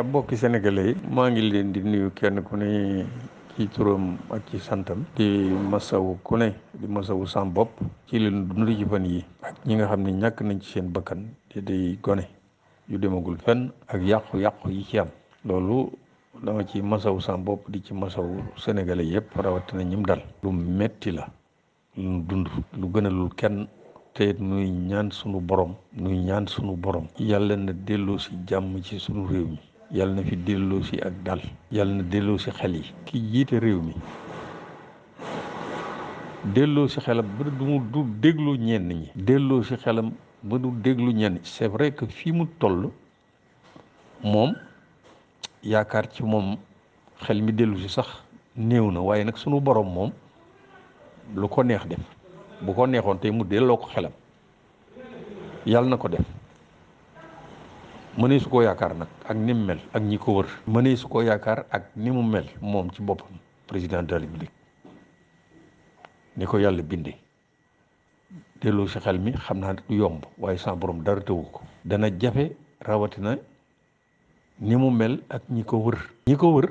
waa bokki sénégalais maa ngi leen di nuyu kenn ku ne ci turam ak ci santam di masawu ku di masawu sam bopp ci leen dund ci fan yi ak ñi nga xam ne ñàkk nañ ci seen bakkan te day gone yu demagul fenn ak yàqu-yàqu yi ci am loolu dama ci masawu sam bopp di ci masawu sénégalais yëpp na ñim daal lu metti la lu dund lu gënalul kenn te nuy ñaan sunu borom nuy ñaan sunu borom yàlla na delloo si jàmm ci sunu réew mi yal na fi delloo si ak dal yal na delloo si xel yi ki jiite réew mi delloo si xelam ba du déglu ñenn ñi delloo si xelam ba déglu ñenn c'est vrai que fii mu toll moom yaakaar ci moom xel mi dellu si sax néew na waaye nag sunu boroom moom lu ko neex def bu ko neexoon tey mu delloo ko xelam yàlla na ko def mënee su koo yaakaar nag ak ni mu mel ak ñii ko wër mënee su koo yaakaar ak ni mu mel moom ci boppam président de la république ni ko yàlla bindee delloo si xel mi xam naa yomb waaye sans borom dara tëwu ko dana jafe rawatina ni mu mel ak ñi ko wër ñi ko wër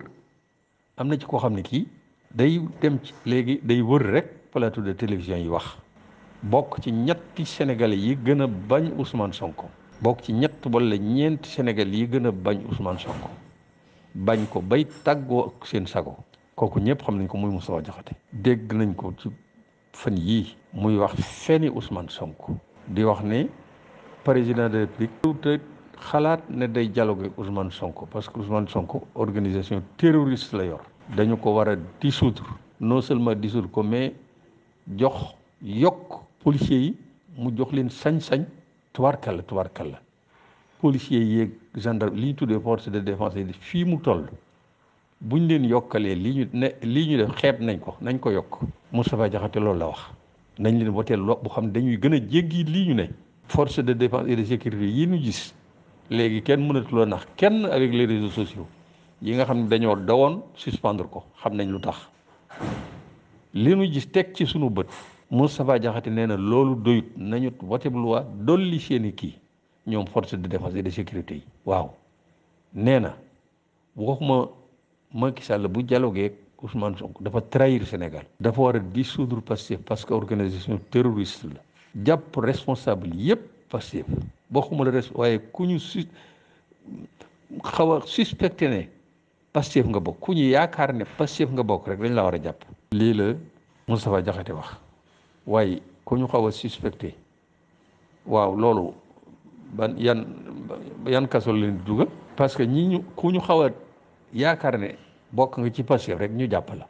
am na ci koo xam ne kii day dem ci léegi day wër rek plateau de télévision yi wax bokk ci ñetti sénégalais yi gën a bañ Ousmane Sonko bokk ci ñett wala ñeent Sénégal yi gën a bañ Ousmane Sonko bañ ko bay tàggoo ak seen sago kooku ñëpp xam nañ ko muy Moustapha Diakhaté dégg nañ ko ci fan yii muy wax feni Ousmane sonk di wax ne président de la République te xalaat ne day dialoguer Ousmane sonk parce que Ousmane sonk organisation terroriste la yor dañu ko war a dissoudre non seulement dissoudre ko mais jox yokk policiers yi mu jox leen sañ-sañ tubarkalla tubarkalla policiers yeeg gendarme li ñu tuddee force de défense yi fii mu toll ñu leen yokkalee lii ñu ne lii ñu def xeeb nañ ko nañ ko yokk Moustapha Diakhaté loolu la wax nañ leen woteel lo bu xam ne dañuy gën a jéggi lii ñu ne force de défense et de sécurité yi ñu gis léegi kenn mënatuloo nax kenn avec les réseaux sociaux yi nga xam ne dañoo dawoon suspendre ko xam nañ lu tax li ñu gis teg ci sunu bët Moustapha Diakhaté nee na loolu doyut nañu wote bu loi dolli seeni kii ñoom force de défense et de sécurité yi waaw nee na waxuma Macky Sall bu dialogué Ousmane Sonko dafa trahir Sénégal dafa war a dissoudre Pastef parce que organisation terroriste la jàpp responsable yëpp Pastef bokkuma la res waaye ku ñu su xaw a suspecté ne Pastef nga bokk ku ñu yaakaar ne Pastef nga bokk rek dañ la war a jàpp lii la Moustapha Diakhaté wax waaye ko ñu xaw a suspecté waaw loolu ban yan yan kaso leen di dugal parce que ñi ñu ko ñu xaw a yaakaar ne bokk nga ci passé rek ñu jàpp la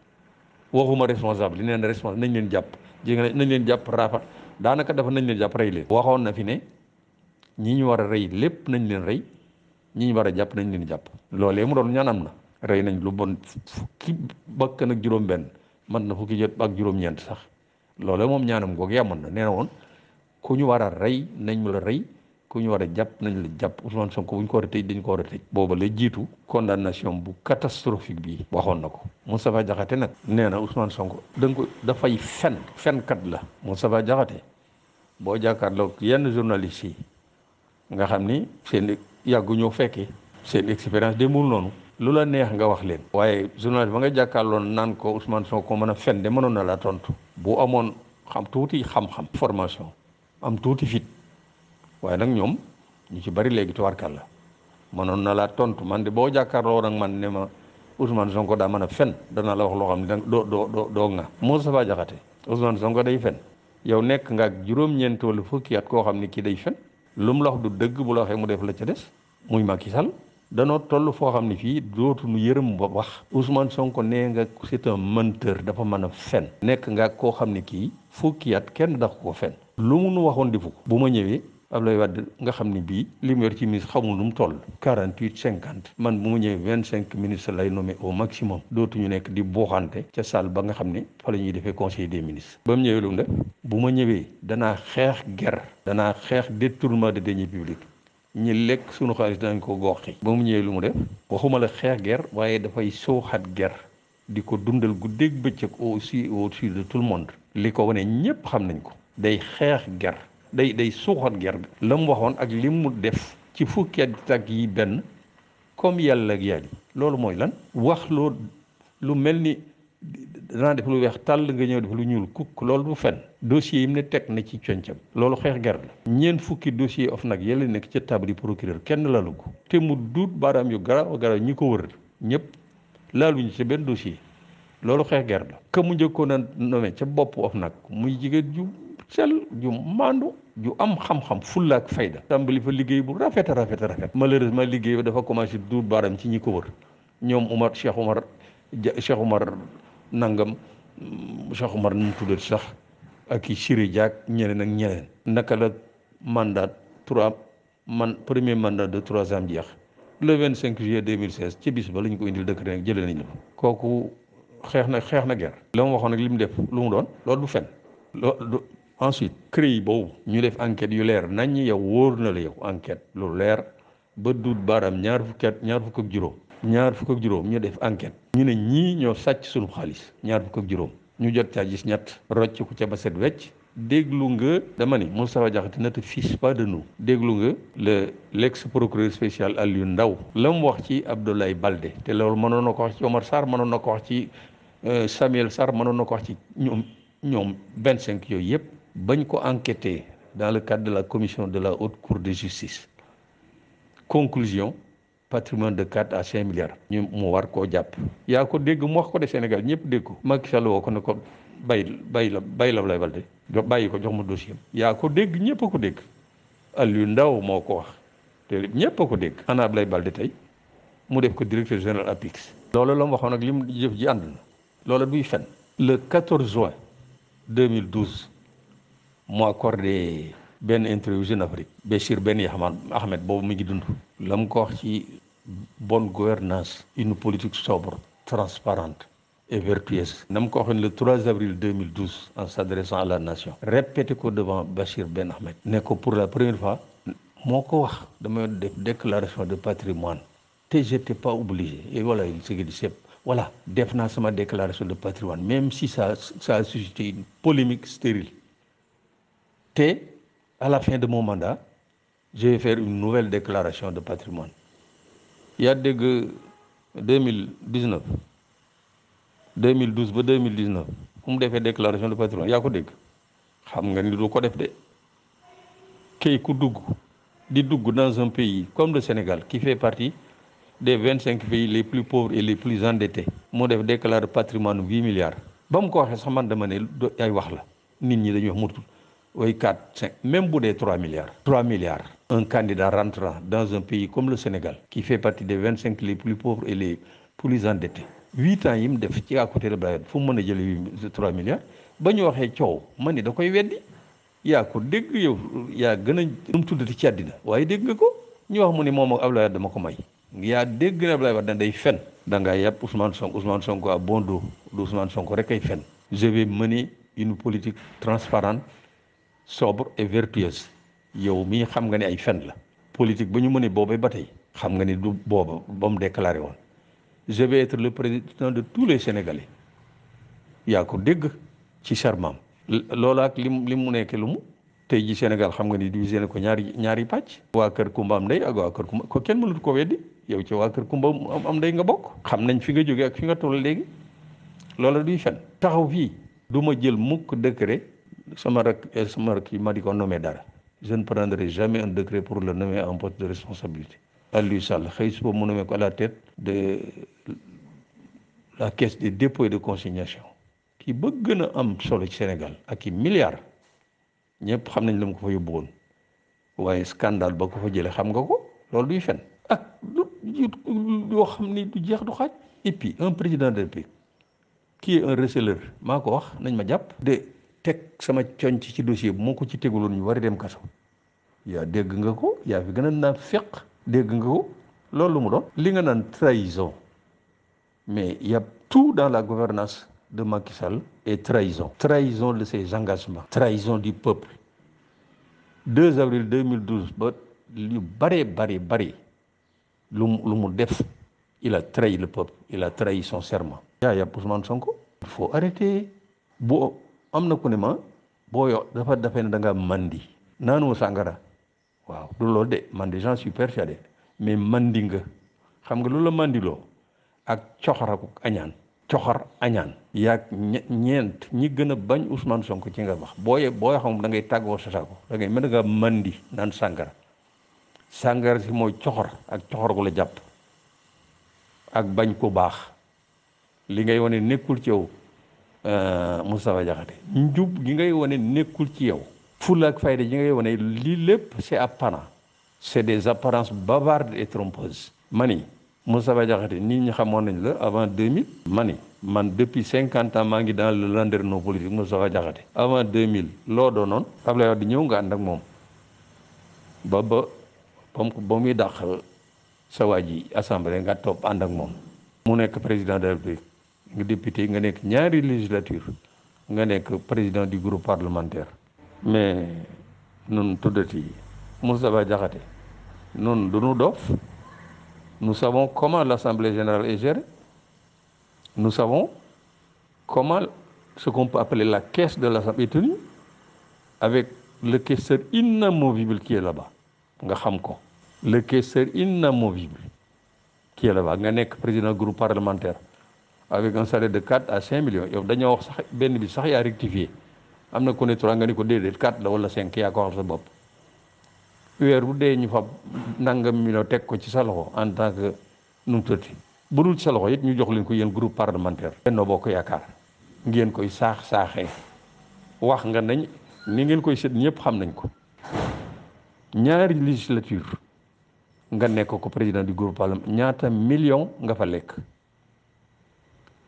waxuma responsable li neen responsable nañ leen jàpp jéeg nañ leen jàpp raafa daanaka dafa nañ leen jàpp rey leen waxoon na fi ne ñii ñu war a rey lépp nañ leen rey ñi ñu war a jàpp nañ leen jàpp loolee mu doon ñaan am na rey nañ lu bon fukki bakkan ak juróom benn man na fukki jot ak juróom-ñeent sax loole moom ñaanam googu amoon na nee woon ku ñu war a rey nañu mu la rey ku ñu war a jàpp nañ la jàpp Ousmane Sonko bu ñu ko war a tëj dañ ko war a tëj booba la jiitu condamnation bu catastrophique bi waxoon na ko Moustapha Diakhaté nag nee na Ousmane Sonko da ko dafay fen fenkat la Moustapha Diakhaté boo jàkkaarloog yenn journaliste yi nga xam ni seen yàggu ñoo fekkee seen expérience demul noonu lu la neex nga wax leen waaye journaliste ba nga jàkkaarloon naan ko Ousmane Sonko mën a fen de mënoon na laa tontu bu amoon xam tuuti xam-xam formation am tuuti fit waaye nag ñoom ñu ci bari léegi tubaarkal la mënoon na laa tontu man de boo jàkkaarloo nag man ne ma Ousmane Sonko daa mën a fen dana la wax loo xam ne doo doo doo nga Moustapha Diakhaté Ousmane Sonko day fen yow nekk nga ak juróom-ñeent wala fukki at koo xam ne kii day fen lu mu la wax du dëgg bu la waxee mu def la ca des muy Macky Sall danoo toll foo xam ne fii dootuñu yërëm ba wax Ousmane Sonko nee nga c'est un menteur dafa mën a fen nekk nga koo xam ne kii fukki at kenn dafa ko fen lu mu nu waxoon di fukk bu ma ñëwee Abdoulaye Wade nga xam ne bii li mu yor ci ministre xamul nu mu toll 48 50 man bu mu ñëwee vingt ministres lay nommé au maximum dootuñu nekk di booxante ca salle ba nga xam ne fa la ñuy defee conseil des ministres ba mu ñëwee lu mu def bu ma ñëwee danaa xeex guerre danaa xeex détournement de deniers publics ñi lekk sunu xaalis danañ ko goxi ba mu ñëwee lu mu def waxuma la xeex ger waaye dafay sooxat ger di ko dundal guddeeg bëccëg aussi au-dessus de tout le monde li ko wane ñépp xam nañ ko day xeex ger day day suuxat ger la mu waxoon ak li mu def ci fukki at ak yi benn comme yàlla ak yàlla loolu mooy lan wax loo lu mel ni danaa def lu weex tàll nga ñëw def lu ñuul kukk loolu du fen dossier yi mu ne teg na ci concam loolu xeex gerte la ñeent fukki dossier of nag yële nekk ca table yi procureur kenn laalu ko te mu duut baaraam yu garaaw garaaw ñi ko wër ñëpp laaluñu ca benn dossier loolu xeex gerte la ka mu njëkkoon a nommé ca bopp of nag muy jigéen ju sel ju màndu ju am xam-xam fulla ak fayda tàmbali fa liggéey bu rafet a rafet a rafet liggéey ba dafa commencé duut baaraam ci ñi ko wër ñoom Umar Cheikh Umar Cheikh Umar nangam Cheikh Omar nu mu tuddati sax ak i Chiré Diak ñeneen ak ñeneen. naka la mandat trois man premier mandat de trois ans jeex le vingt cinq juillet deux mille seize ci bis ba la ñu ko indil décret nag jëlee nañ la kooku xeex na xeex na guerre. la mu waxoon ak li mu def lu mu doon loolu du fen loolu du ensuite CREI boobu ñu def enquête yu leer nañ yow wóor na la yow enquête lu leer ba duut baaraam ñaar fukki at ñaar fukk ak juróom. ñaar fukk ak juróom ñu def enquête ñu ne ñii ñoo sàcc sunu xaalis ñaar fukk ak juróom ñu jot caa gis ñett rocc ko ca ba set wecc déglu nga dama ni Moustapha Diakhaté ne te fiche pas de nous déglu nga le l'ex procureur spécial Aliou Ndao la mu wax ci Abdoulaye Baldé te loolu mënoon na ko wax ci Omar Sarr mënoon na ko wax ci euh, Samuel Sarr mënoon na ko wax ci ñoom ñoom 25 cinq yooyu yëpp bañ ko enquêté dans le cadre de la commission de la haute cour de justice conclusion patrimoine de 4 à 5 milliards ñu mu war koo jàpp yaa ko dégg mu wax ko de Sénégal ñëpp dégg ko Macky Sall woo ko ne ko bay bay la bay la lay balde jox bàyyi ko jox ma dossier yaa ko dégg ñëpp ko dégg Aliou Ndao moo ko wax te ñëpp a ko dégg ana Ablaye Balde tey mu def ko directeur général APIX loolu la mu waxoon ak li mu jëf ji ànd na loolu duy fen le 14 juin 2012 mu accordé benn interview Jeune Afrique Béchir Ben Yahman Ahmed boobu mu ngi dund la ko wax bonne gouvernance une politique sobre transparente et vertueuse nam ko le 3 avril 2012 en s'adressant à la nation répété devant Bachir Ben Ahmed pour la première fois mon corps wax dama def déclaration de patrimoine Je j'étais pas obligé et voilà il s'est dit c'est voilà def déclaration de patrimoine même si ça ça a suscité une polémique stérile té à la fin de mon mandat je vais faire une nouvelle déclaration de patrimoine Il y a, dégg 2019 2012 2019 2019 on fait une déclaration de patrimoine Il y a xam nga ni ko dans un pays comme le Sénégal qui fait partie des 25 pays les plus pauvres et les plus endettés Je def déclarer patrimoine 8 milliards Je ko man dama ay wax oui 4, 5, même pour des 3 milliards. 3 milliards. Un candidat rentrant dans un pays comme le Sénégal, qui fait partie des 25 les plus pauvres et les plus endettés. 8 ans, il me fait à côté de Bayard. Il faut que 3 milliards. ba ñu waxee coow ma ne da koy weddi yaa ko dégg yow yaa gën a nu mu tuddati ci àddina waaye dégg nga ko ñu wax mu ne moom ak Ablaye Wade dama ko may yaa dégg ne Ablaye Wade da day fen da ngaa yàpp Ousmane Sonko Ousmane Sonko a bon dos Ousmane Sonko rek ay fen je vais mener une politique transparente sobre et vertueuse yow mii xam nga ne ay fen la politique ba ñu mënee boobee ba tey xam nga ni du booba ba mu déclaré woon je vais le président de tous les sénégalais yaa ko dégg ci charmam loolu ak lim li mu nekk lu mu tey ji Sénégal xam nga ni divisé na ko ñaari ñaari pàcc waa kër Kumba am ndey ak waa kër Kumba ko kenn mënut ko weddi yow ci waa kër Kumba am ndey nga bokk xam nañ fi nga jógee ak fi nga toll léegi loola duy fen taxaw fii du ma jël mukk décret sama rek sama rek yi ma di ko nommé dara je ne prendrai jamais un décret pour le nommer en poste de responsabilité Aliou Sall xëy suba mu nommé ko à la tête de la caisse des dépôts et de consignation qui ba na am solo ci Sénégal ak i milliards ñepp xam nañ la ko fa yóbbu woon waaye scandale ba ko fa jëlee xam nga ko loolu duy fen ak lu yoo xam ni du jeex du xaj et puis un président de la République qui est un receleur mako wax nañ ma japp de teg sama ci dossier dem a trahison mais y a tout dans la gouvernance de Macky Sall est trahison trahison de ses engagements trahison du peuple 2 avril 2012 ba lu bare bare bare lu il a trahi le peuple il a trahi son serment Ousmane il faut arrêter bu am na ku ne ma boo dafa dafee ne da nga mandi naanoo sàngara waaw du loolu de man de super suis persuadé mais mandi nga xam nga lu la mandiloo ak coxor ak añaan coxor añaan yaag ñeent ñi gën a bañ Ousmane sonk ci nga wax booy booy xam da ngay tàggoo sa saako da ngay mën nga mandi naan sàngara sàngara si mooy coxor ak coxor gu la jàpp ak bañ ko baax li ngay wane nekkul ci yow Euh, Moustapha Diakhaté njub gi ngay wane nekkul ci yow fulla ak fayda gi ngay wane lii lépp c'est apparent c'est des apparences bavardes et trompeuses mani Moustapha Diakhaté nit ñi xamoon nañ la avant deux 2000 mani man depuis cinquante ans maa ngi daal dans le landerneau politique Moustapha Diakhaté avant mille loo doonoon Abdoulaye di ñëw nga ànd ak moom ba ba ba muy dàq sa waa ji assemblée nga topp ànd ak moom mu nekk président de la nga député nga nekk ñaari législature nga nekk président du groupe parlementaire mais nous, tuddati Moustapha nun dof nous savons comment l'assemblée générale est gérée nous savons comment ce qu'on peut appeler la caisse de l'assemblée est tenue avec le caisseur inamovible qui est là-bas nga xam ko le caisseur inamovible qui est là-bas nga nekk président groupe parlementaire avec un salaire de 4 à 5 millions yow dañoo wax sax benn bi sax yaa rectifié am na ku nga ni ko déedéet 4 la wala 5 yaa ko waxal sa bopp bu dee ñu fab nangam million teg ko ci sa loxo en tant que nu mu tëddee bu dul ci it ñu jox leen ko yéen groupe parlementaire. Benno Bokk Yaakaar ngeen koy saax saaxee wax nga nañ ni ngeen koy seet ñëpp xam nañ ko ñaari législature nga nekk ko président du groupe parlementaire ñaata million nga fa lekk.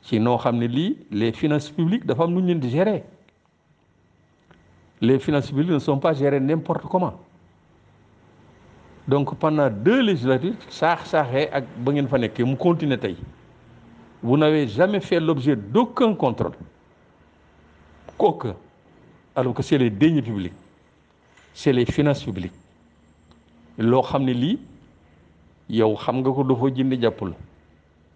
Sinon, les finances publiques dafa les finances publiques ne sont pas gérées n'importe comment donc pendant deux législatives, saax-saaxee ak ba vous n'avez jamais fait l'objet d'aucun contrôle Quoique, alors que c'est les deniers publics c'est les finances publiques loo xam ne lii yow xam nga ko dafa jënd pas.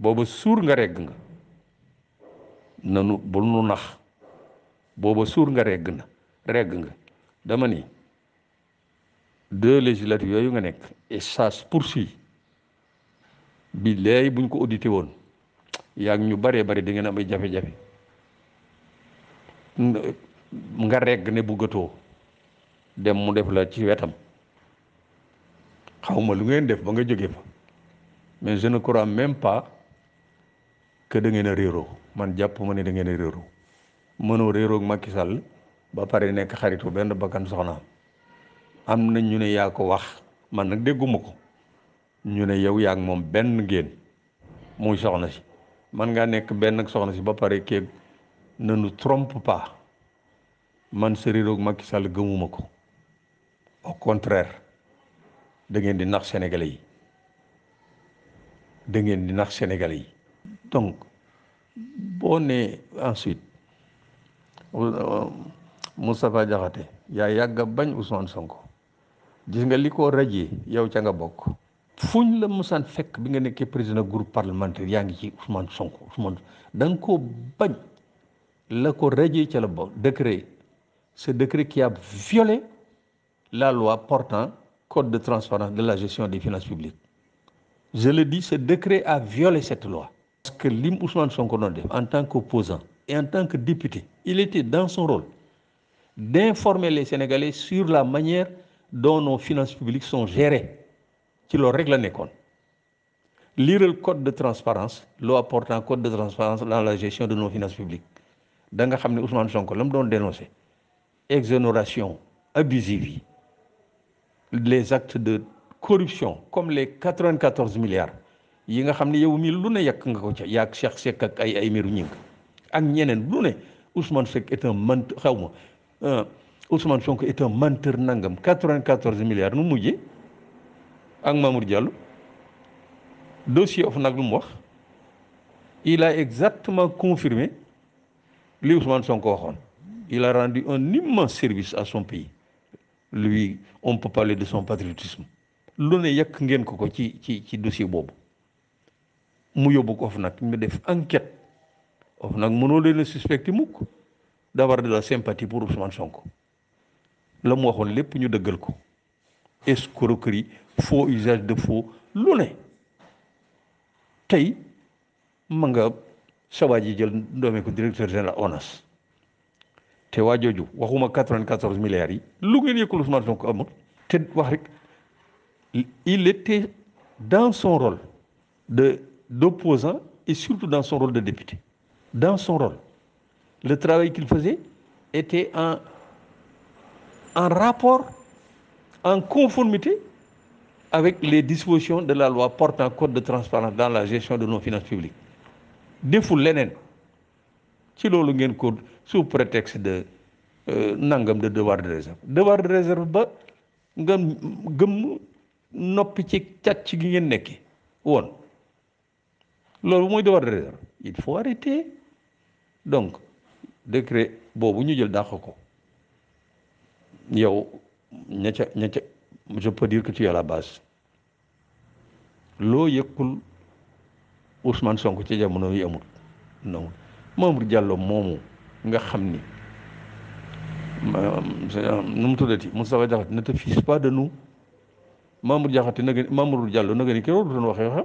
booba suur nga regg na nu bul nu nax booba suur nga regg na regg nga dama ni deux législatives yooyu nga nekk et ça se poursuit bi léegi buñ ko audité woon yaag ñu baree bari di nga ngeen am ay jafe-jafe nga regg ne buggatoo dem mu def la ci wetam xawma lu ngeen def ba nga jóge fa mais je ne crois même pas que da ngeen a réeroo man jàpp ma ne da ngeen a réeroo mënoo réeroo ak Macky Sall ba pare nekk xaritu benn bakkan soxnaam am na ñu ne yaa ko wax man nag dégguma ko ñu ne yow yaa ak moom benn ngeen muy soxna si man ngaa nekk benn ak soxna si ba pare keeg ne nous trompe man sa réeroo ak gëmuma ko au contraire da ngeen di nax sénégalais yi da ngeen di nax sénégalais yi. donc boo ensuite euh, Moustapha Diakhaté yaa yàgg a bañ Ousmane Sonko gis nga li ko rajee yow ca nga Bok. fuñ la musaan fekk bi nga nekkee président groupe parlementaire yaa ngi ci Ousmane Sonko Ousmane da koo bañ la ko rajee ca la décret ce décret qui a violé la loi portant code de transparence de la gestion des finances publiques je le dis ce décret a violé cette loi parce que lim Ousmane Sonko en tant qu'opposant et en tant que député il était dans son rôle d'informer les Sénégalais sur la manière dont nos finances publiques sont gérées qui leur règle la lire le code de transparence loi portant code de transparence dans la gestion de nos finances publiques Dans nga Ousmane Sonko l'homme exonération abusive les actes de corruption comme les 94 milliards yi nga xam ne yow mii lu ne yàq nga ko ca yàq Cheikh Seck ak ay ay miru ñing ak ñeneen lu ne Ousmane Seck est un menteur xaw ma euh, Ousmane Sonko est un menteur nangam 94 milliards nu mujjee ak Mamour Diallo dossier of nag lu mu wax il a exactement confirmé li Ousmane Sonko waxoon il a rendu un immense service à son pays lui on peut parler de son patriotisme lu ne yàq ngeen ko ko ci ci ci dossier boobu. mu yóbbu ko OFNAC ñu def enquête OFNAC mënoo leen a suspecté mukk d'avoir de la sympathie pour Ousmane Sonko la mu waxoon lépp ñu dëggal ko escroquerie faux usage de faux lu ne tey ma nga sawaa ji jël doomee ko directeur général ONAS te waa jooju waxuma 94 milliards yi lu ngeen yëkkul Ousmane Sonko amul te wax rek il était dans son rôle de d'opposant et surtout dans son rôle de député. Dans son rôle, le travail qu'il faisait était en, en rapport, en conformité avec les dispositions de la loi portant code de transparence dans la gestion de nos finances publiques. Des fou ci loolu code sous prétexte de euh, nangam de devoir de réserve devoir de réserve ba ce gëm noppi ci loolu mooy door a réer il faut arrêter donc décret boobu ñu jël dàq ko yow ña ca ña ca je peux dire que tu la base loo yëkkul Ousmane Sonko ci jamono yi amul non Mamour Diallo moomu nga xam ni nu mu tuddati Moustapha Diakhaté ne te fiche pas de nous Mamour Diakhaté na nga Mamour Diallo na nga ni ki loolu waxee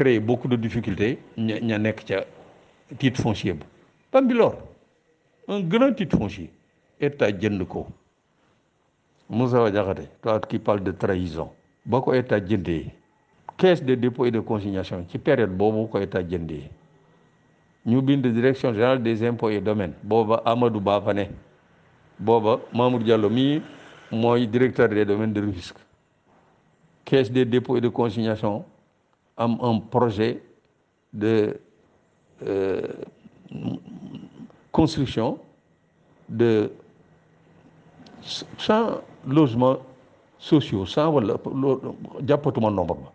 créé beaucoup de difficultés ña nek nekk ca titre foncier bi l'or un grand titre foncier état jënd ko Moussa Diakhaté toi qui parle de trahison beaucoup d'États état jëndee caisse de dépôt et de consignation qui période beaucoup ko état nous ñu de direction générale des impôts et domaines boba Amadou Bafane, boba ne booba Mamour directeur des domaines de risque caisse de dépôt et de consignation un projet de euh, construction de 100 logements sociaux, 100 wala nombre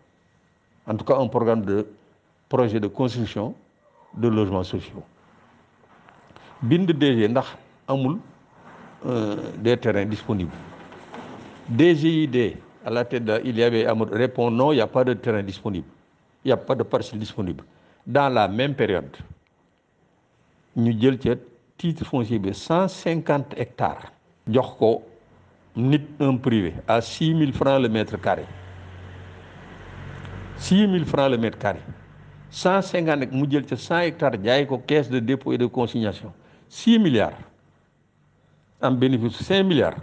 en tout cas un programme de projet de construction de logements sociaux bind DG ndax amul euh, des terrains disponibles DGID à la tête il y avait amul répond non il n'y a pas de terrain disponible n'y a pas de parcelle disponible. Dans la même période, nous avons titre foncier de 150 hectares. d'orco n'est privé à 6 000 francs le mètre carré. 6 000 francs le mètre carré. 150 nous avons 100 hectares de caisse de dépôt et de consignation. 6 milliards. En bénéfice, 5 milliards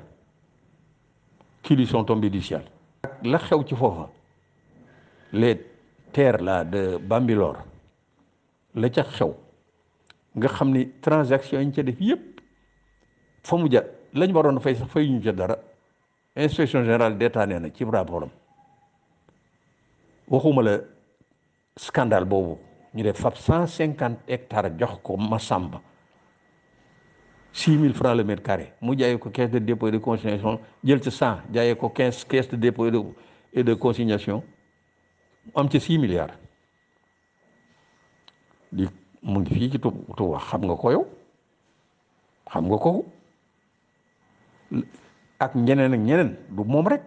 qui lui sont tombés du ciel. Là, les terre là de Bambilor le ca show nga xamni transaction yi ci def yépp fa ja lañ waroon fay sax fayuñu ca dara inspection générale d'état nee na ci rapportam waxuma le scandale beau ñu def fab 150 hectares jox ko Massamba 6 000 francs le mètre carré mu jaay ko caisse de dépôt et de consignation jël ci 100 15 caisse de dépôt et de consignation mu am ci six milliards di mu ngi fii ci Tuuba xam nga ko yow xam nga ko ak ñeneen ak ñeneen du moom rek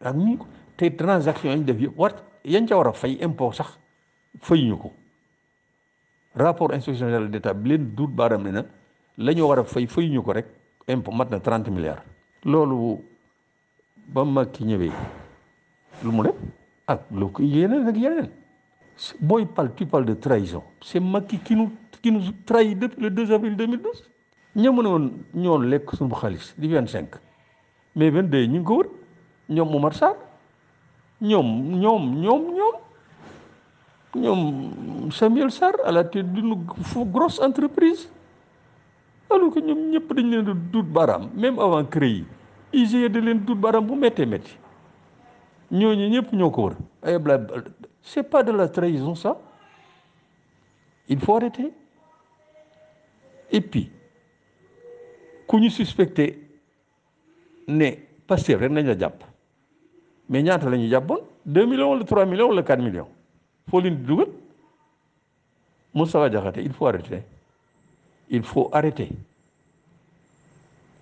ak ñu te transaction yañ def yëpp war yañ ca war a fay impôt sax fayuñu ko rapport inspection générale d'État bi leen duut baaram ne na la war a fay fayuñu ko rek impôt mat na trente milliards loolu ba mag ki ñëwee lu mu def ak ah, loo ko yeneen ak yeneen booy pal tu parles de trahison c'est Macky qui nous qui nous trahit depuis le 2 avril 2012 ñoo mënoon ñoo lekk suñu xaalis di 25 mais 22 ñu ngi ko wër ñoom Oumar Sarr ñoom ñoom ñoom ñoom ñoom Samuel Sarr à te tête d'une grosse entreprise alors que ñoom ñëpp dañ leen di duut baaraam même avant CREI yi IGE da leen duut baaraam bu méttee métti Eh, c'est pas de la trahison ça. Il faut arrêter. Et puis, quand nous pas c'est vrai, n'y a Mais nous, a pas 2 millions, 3 millions, 4 millions. Il faut l'une de deux. Il faut arrêter. Il faut arrêter.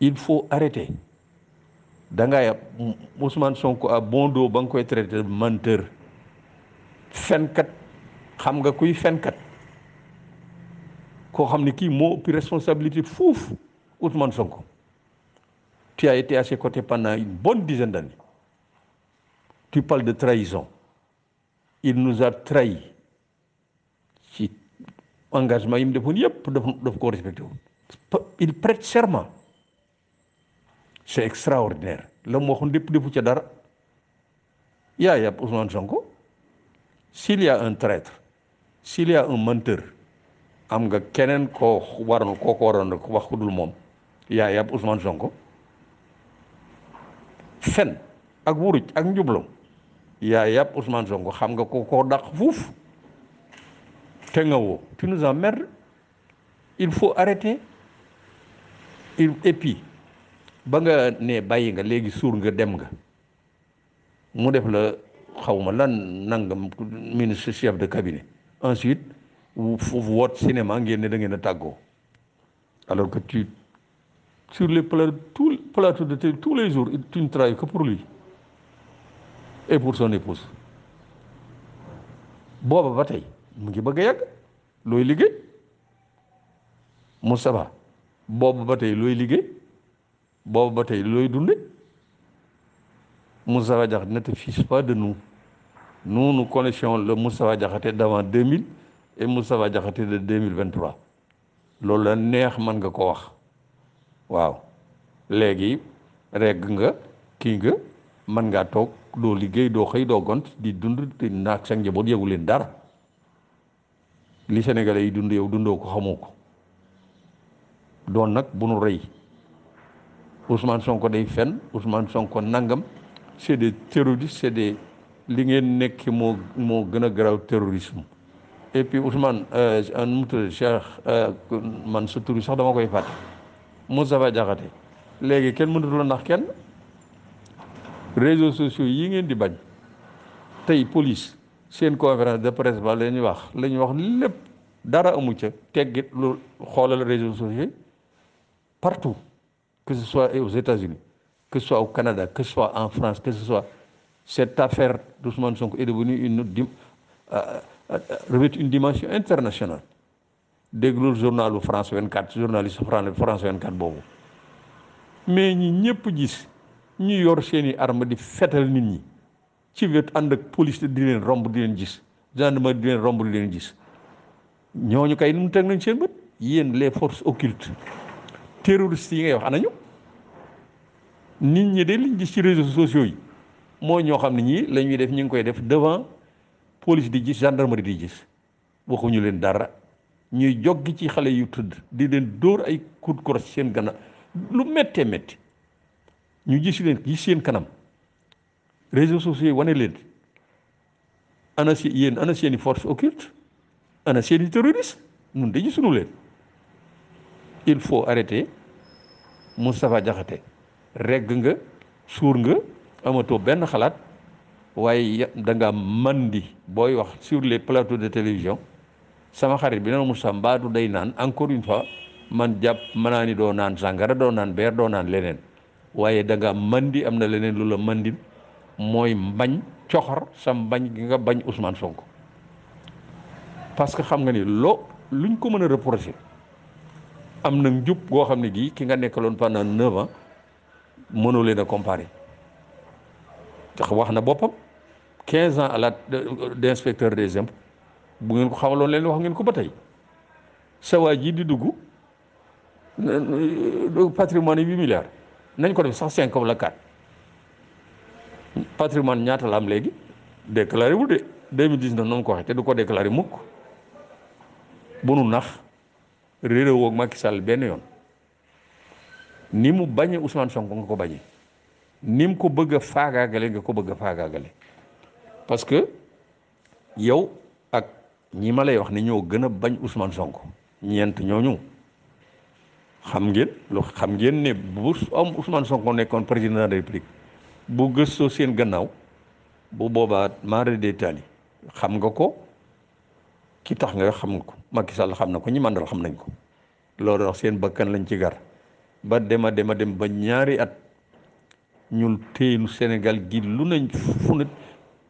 Il faut arrêter da Ousmane Sonko a bon dos ba nga koy traité menteur fenkat xam nga kuy fenkat koo xam ne kii responsabilité foofu Ousmane Sonko tu as été à ses côtés pendant une bonne dizaine d'années tu parles de trahison il nous a trahi ci engagement yi mu defoon yëpp daf daf il prête serment c'est extraordinaire la mu waxoon lépp defu ca dara yaa yàpp Ousmane Sonko s'il y un traître s'il y un manteur am nga keneen koo waroon koo ko waroon wax ku dul moom yaa yàpp Ousmane Sonko fen ak wuruj ak njublam yaa yàpp Ousmane Sonko xam nga ko ko dàq fuuf te nga woo tu nous emmerdes il faut arrêter et puis ba nga nee bàyyi nga léegi suur nga dem nga mu def la xawma lan nangam ministre chef de cabinet ensuite foofu woot cinéma ngeen ne da ngeen a tàggoo alors que tu sur les plateaux plateaux de télé tous les jours tu ne travailles que pour et pour son épouse booba ba tey mu ngi bëgg a yàgg looy liggéey Moustapha booba ba tey looy liggéey Bob ba tey looy dunde Moussa n'était ne fiche pas de nous nous nous connaissions le Moustapha d'avant 2000 et Moussa Diakhate de 2023 loolu la neex mën nga ko wax waaw léegi regg nga kii nga mën ngaa toog doo liggéey doo gont di dund naag sa njaboot leen dara li Sénégalais yi dund yow dundoo ko Ousmane Sonko day fen Ousmane Sonko c'est des terroristes c'est des li nekk terrorisme et puis Ousmane euh un Cheikh euh, man sax dama koy la réseaux sociaux yi di bañ police seen conférence de presse ba gens, wax lañ wax dara amu réseaux sociaux partout que ce soit aux États-Unis, que ce soit au Canada, que ce soit en France, que ce soit. Cette affaire d'Ousmane est devenue une, euh, euh, euh, une dimension internationale. le journal France 24 journaliste France 24 mais nous nous gis ñu yor seeni nous di nous, nit ñi di leen romb di leen gis kay les forces occultes terroriste yi ngay wax anañu nit ñi de liñ gis ci réseaux sociaux yi mooy ñoo xam ne ñii lañuy def ñu ngi koy def devant police di gis gendarmerie di gis waxuñu leen dara ñuy joggi ci xale yu tëdd di leen dóor ay coup de seen gannaaw lu méttee metti ñu gis leen gis seen kanam réseaux sociaux yi wane leen ana yéen ana seeni force occulte ana seeni terroriste nun de gisuñu leen il faut arrêter Moustapha Diakhaté reg nga suur nga amatoo benn xalaat waaye da nga mandi booy wax sur les plateaux de télévision sama xarit bi naan Moussa Mbadou day naan encore une fois man jàpp mën naa doo naan sàngara doo naan beer doo naan leneen waaye da nga mandi am na leneen lu la mandil mooy mbañ coxor sa mbañ gi nga bañ Ousmane Sonko parce que xam nga ni loo luñ ko mën a reprocher am na njub goo xam ne gii ki nga nekkaloon pendant neuf ans mënoo leen a comparer tax wax na boppam quinze ans à la d' inspecteur des impôts bu ngeen ko xamaloon leen wax ngeen ko ba tey sa waa di dugg euh, patrimoine yi huit milliards nañ ko def sax cinq wala quatre patrimoine ñaata la am léegi déclaré wu de deux mille dix neuf noonu ko waxee te du ko déclaré mukk bu nu nax réeréwoo ak Macky Sall benn yoon ni mu bañee Ousmane Sonko nga ko bañee ni mu ko bëgg a faagaagale nga ko bëgg a faagaagale parce que yow ak ñii ma lay wax ni ñoo gën a bañ Ousmane Sonko ñeent ñooñu xam ngeen lu xam ngeen ne bu am Ousmane Sonko nekkoon président de la République bu gëstoo seen gannaaw bu boobaa mara de xam nga ko. ki tax nga xam nga ko Macky Sall xam na ko ñi màndal xam nañ ko loolu wax seen bakkan lañ ci gar ba dema dema dem ba ñaari at ñun téyenu Sénégal gi lu nañ fu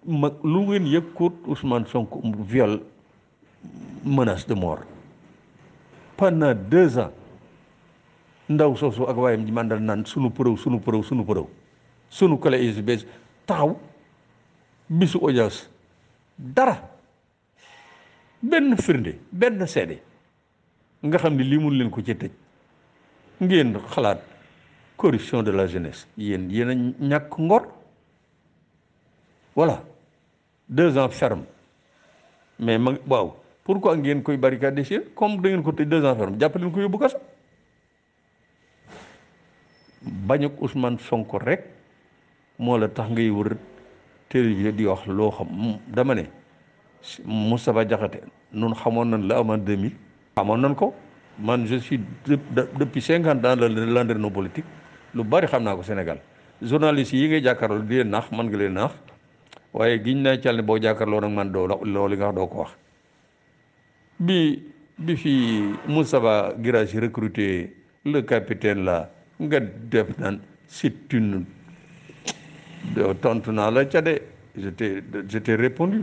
mag lu ngeen yëkkoot sonk Sonko viol menace de mort pendant deux ans ndaw soosu ak waayam ji màndal naan sunu përëw sunu përëw sunu përëw sunu clé taxaw bisu audience dara benn firnde benn seede nga xam ne lii mun leen ko ci tëj ngeen xalaat corruption de la jeunesse yéen yéen ñàkk ngor voilà deux ans ferme mais ma waaw pourquoi ngeen koy barricade si comme da ngeen ko tëj deux ans ferme jàpp ko yóbbu kaso bañ ak Ousmane Sonko rek moo la tax ngay wër télévision di wax loo xam dama ne Moustapha Diakhaté nun xamoon nañ la aman 2000 xamoon nañ ko man je suis depuis cinquante ans la landerno politique lu bari xam naa ko Sénégal journalistes yi ngay jàkkaarloo di leen naax man nga leen naax waaye giñ naa cal ne boo jàkkaarloo nag man doo loolu nga doo ko wax bi bi fi Moustapha Guirassy recruté le capitaine la nga def naan c'est une tontu naa la ca de je t'ai répondu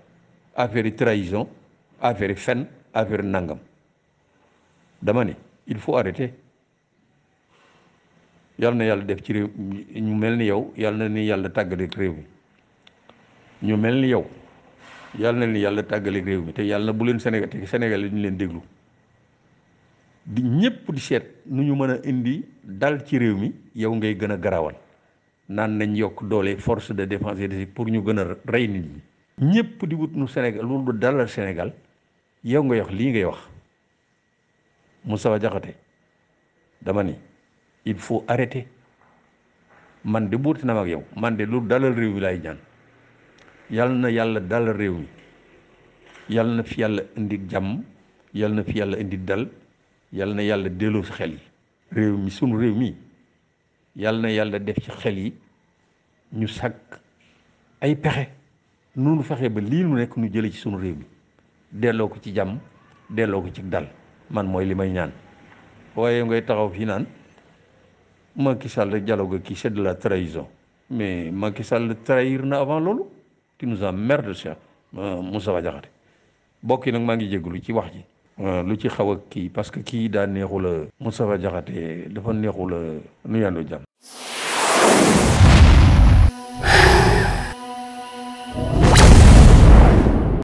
affaire trahison affaire fen affaire nangam dama il faut arrêter yal na yal def ci ñu melni ni yow yal na ni yàlla tàggaleeg rew mi ñu melni ni yow yal na ni yàlla tàggaleeg rew mi te yal na bu len Sénégal te Sénégal ñu len déglu di ñepp di sét nu ñu mëna indi dal ci rew mi yow ngay gëna a garawal nañ yok doole force de défense et pour ñu gëna reyni nit ñëpp di wut nu Sénégal lu du dalal Sénégal yow ngay wax lii ngay wax mu a jaxate dama ni il faut arrêter man de buurti na ak yow man de lu dalal réew mi laay ñaan yal na yàlla dalal réew mi yal na fi yàlla indi jàmm yal na fi yàlla indi dal yal na yàlla delloo si xel yi réew mi sunu réew mi yal na yàlla def ci xel yi ñu sàkk ay pexe nunu fexe ba lii nu nekk nu jële ci sunu réew mi delloo ko ci jàmm delloo ko ci dal man mooy li may ñaan waaye ngay taxaw fii naan Macky Sall dialogue kii c'est de la trahison mais Macky Sall trahir na avant loolu qui nous a merde Cheikh euh, Moustapha Diakhaté bokk yi nag maa ngi lu ci wax ji euh, lu ci xaw ak kii parce que kii daa neexul a euh, Moustapha jaxate dafa neexul a nu yendoo jàmm